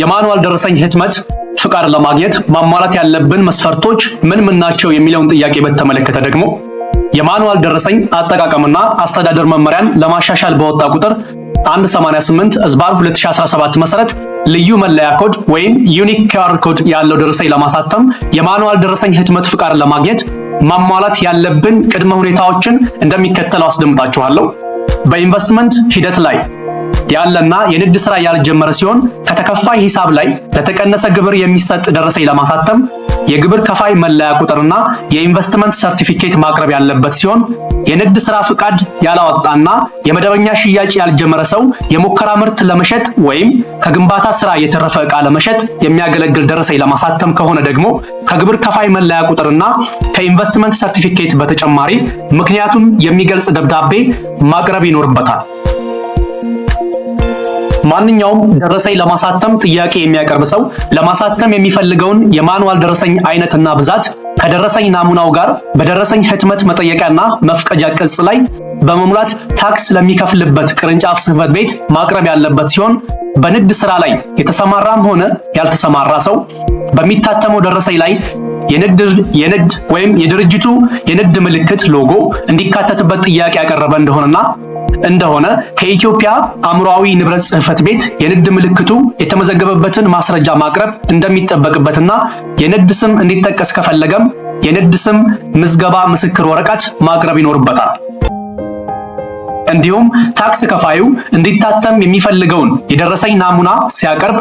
የማኑዋል ደረሰኝ ህትመት ፍቃድ ለማግኘት ማሟላት ያለብን መስፈርቶች ምን ምን ናቸው የሚለውን ጥያቄ በተመለከተ ደግሞ የማኑዋል ደረሰኝ አጠቃቀምና አስተዳደር መመሪያን ለማሻሻል በወጣ ቁጥር 188 ዝባር 2017 መሰረት ልዩ መለያ ኮድ ወይም ዩኒክ ኪውአር ኮድ ያለው ደረሰኝ ለማሳተም የማኑዋል ደረሰኝ ህትመት ፍቃድ ለማግኘት ማሟላት ያለብን ቅድመ ሁኔታዎችን እንደሚከተለው አስደምጣችኋለሁ። በኢንቨስትመንት ሂደት ላይ ያለና የንግድ ስራ ያልጀመረ ሲሆን ከተከፋይ ሂሳብ ላይ ለተቀነሰ ግብር የሚሰጥ ደረሰኝ ለማሳተም የግብር ከፋይ መለያ ቁጥርና የኢንቨስትመንት ሰርቲፊኬት ማቅረብ ያለበት ሲሆን የንግድ ስራ ፍቃድ ያላወጣና የመደበኛ ሽያጭ ያልጀመረ ሰው የሙከራ ምርት ለመሸጥ ወይም ከግንባታ ስራ የተረፈ ዕቃ ለመሸጥ የሚያገለግል ደረሰኝ ለማሳተም ከሆነ ደግሞ ከግብር ከፋይ መለያ ቁጥርና ከኢንቨስትመንት ሰርቲፊኬት በተጨማሪ ምክንያቱን የሚገልጽ ደብዳቤ ማቅረብ ይኖርበታል። ማንኛውም ደረሰኝ ለማሳተም ጥያቄ የሚያቀርብ ሰው ለማሳተም የሚፈልገውን የማንዋል ደረሰኝ አይነትና ብዛት ከደረሰኝ ናሙናው ጋር በደረሰኝ ህትመት መጠየቂያና መፍቀጃ ቅጽ ላይ በመሙላት ታክስ ለሚከፍልበት ቅርንጫፍ ጽሕፈት ቤት ማቅረብ ያለበት ሲሆን በንግድ ስራ ላይ የተሰማራም ሆነ ያልተሰማራ ሰው በሚታተመው ደረሰኝ ላይ የንግድ የንግድ ወይም የድርጅቱ የንግድ ምልክት ሎጎ እንዲካተትበት ጥያቄ ያቀረበ እንደሆነና እንደሆነ ከኢትዮጵያ አእምሯዊ ንብረት ጽህፈት ቤት የንግድ ምልክቱ የተመዘገበበትን ማስረጃ ማቅረብ እንደሚጠበቅበትና የንግድ ስም እንዲጠቀስ ከፈለገም የንግድ ስም ምዝገባ ምስክር ወረቀት ማቅረብ ይኖርበታል። እንዲሁም ታክስ ከፋዩ እንዲታተም የሚፈልገውን የደረሰኝ ናሙና ሲያቀርብ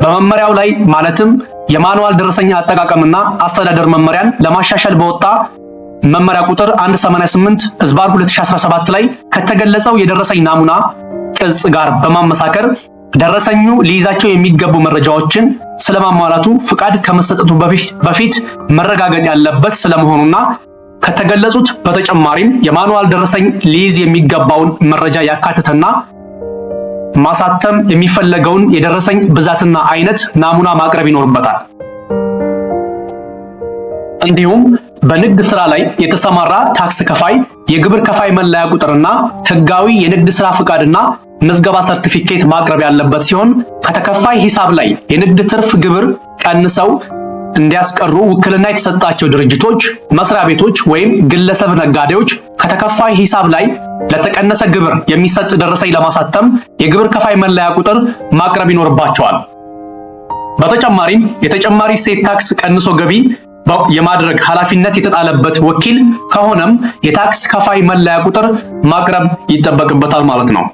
በመመሪያው ላይ ማለትም የማኑዋል ደረሰኛ አጠቃቀምና አስተዳደር መመሪያን ለማሻሻል በወጣ መመሪያ ቁጥር 188 ህዝባር 2017 ላይ ከተገለጸው የደረሰኝ ናሙና ቅጽ ጋር በማመሳከር ደረሰኙ ሊይዛቸው የሚገቡ መረጃዎችን ስለማሟላቱ ፍቃድ ከመሰጠቱ በፊት መረጋገጥ ያለበት ስለመሆኑና ከተገለጹት በተጨማሪም የማኑዋል ደረሰኝ ሊይዝ የሚገባውን መረጃ ያካተተና ማሳተም የሚፈለገውን የደረሰኝ ብዛትና አይነት ናሙና ማቅረብ ይኖርበታል። እንዲሁም በንግድ ስራ ላይ የተሰማራ ታክስ ከፋይ የግብር ከፋይ መለያ ቁጥርና ህጋዊ የንግድ ስራ ፍቃድና ምዝገባ ሰርቲፊኬት ማቅረብ ያለበት ሲሆን ከተከፋይ ሂሳብ ላይ የንግድ ትርፍ ግብር ቀንሰው እንዲያስቀሩ ውክልና የተሰጣቸው ድርጅቶች፣ መስሪያ ቤቶች ወይም ግለሰብ ነጋዴዎች ከተከፋይ ሂሳብ ላይ ለተቀነሰ ግብር የሚሰጥ ደረሰኝ ለማሳተም የግብር ከፋይ መለያ ቁጥር ማቅረብ ይኖርባቸዋል። በተጨማሪም የተጨማሪ እሴት ታክስ ቀንሶ ገቢ የማድረግ ኃላፊነት የተጣለበት ወኪል ከሆነም የታክስ ከፋይ መለያ ቁጥር ማቅረብ ይጠበቅበታል ማለት ነው።